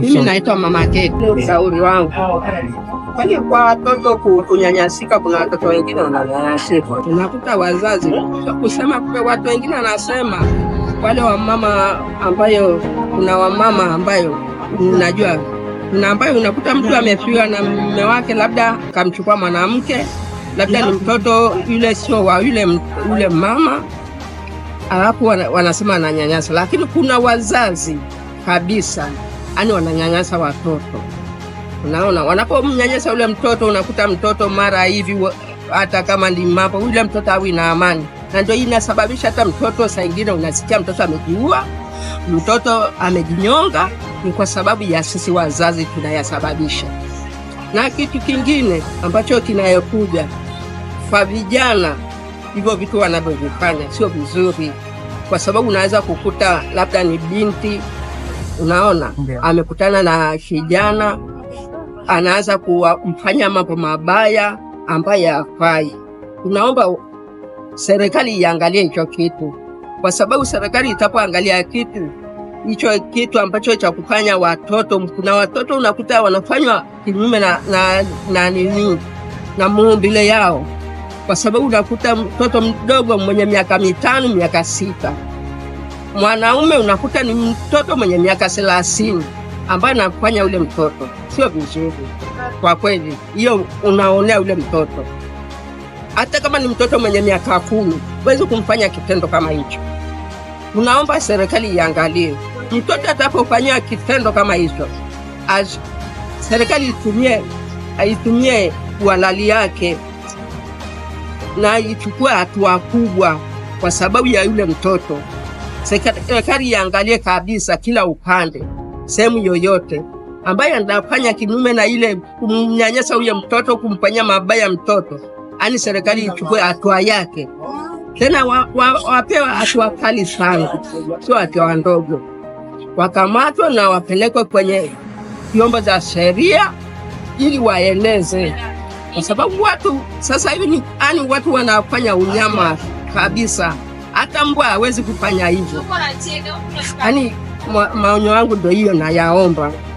Mimi naitwa mama Keti. Ushauri eh. wangu hiyo kwa watoto kunyanyasika, kuna watoto wengine wananyanyasika, unakuta wazazi kusema kwa watu wengine wanasema wale wamama ambayo kuna wamama ambayo unajua na ambayo unakuta mtu amefiwa na mume wake, labda kamchukua mwanamke, labda ni mtoto yule, sio wa yule yule mama, alafu wanasema ananyanyasa. Lakini kuna wazazi kabisa yani wananyanyasa watoto. Unaona, wanapomnyanyasa yule mtoto, unakuta mtoto mara hivi, hata kama ni mapo, yule mtoto awi na amani, na ndio inasababisha hata mtoto saa ingine unasikia mtoto amejiua, mtoto amejinyonga, ni kwa sababu ya sisi wazazi tunayasababisha. Na kitu kingine ambacho kinayokuja kwa vijana, hivyo vitu wanavyovifanya sio vizuri, kwa sababu unaweza kukuta labda ni binti unaona yeah. amekutana na kijana anaanza kumfanya mambo mabaya ambaye afai. Tunaomba serikali iangalie hicho kitu, kwa sababu serikali itapoangalia kitu hicho kitu ambacho cha kufanya watoto, kuna watoto unakuta wanafanywa kinyume na na, na, nini na muumbile yao, kwa sababu unakuta mtoto mdogo mwenye miaka mitano miaka sita mwanaume unakuta ni mtoto mwenye miaka thelathini ambaye anafanya ule mtoto, sio vizuri kwa kweli. Hiyo unaonea ule mtoto, hata kama ni mtoto mwenye miaka kumi, huwezi kumfanya kitendo kama hicho. Unaomba serikali iangalie mtoto atapofanyia kitendo kama hicho, serikali itumie aitumie uhalali yake na ichukue hatua kubwa kwa sababu ya yule mtoto serikali iangalie kabisa kila upande, sehemu yoyote ambaye anafanya kinyume na ile kumnyanyasa huyo mtoto, kumfanyia mabaya mtoto, ani serikali ichukue hatua yake, tena wapewa wa, hatua kali sana, sio hatua ndogo. Wakamatwa na wapelekwe kwenye vyombo za sheria ili waeleze, kwa sababu watu sasa hivi ni ani watu wanafanya unyama kabisa hata mbwa hawezi kufanya hivyo. Yaani maonyo yangu ndio hiyo, nayaomba.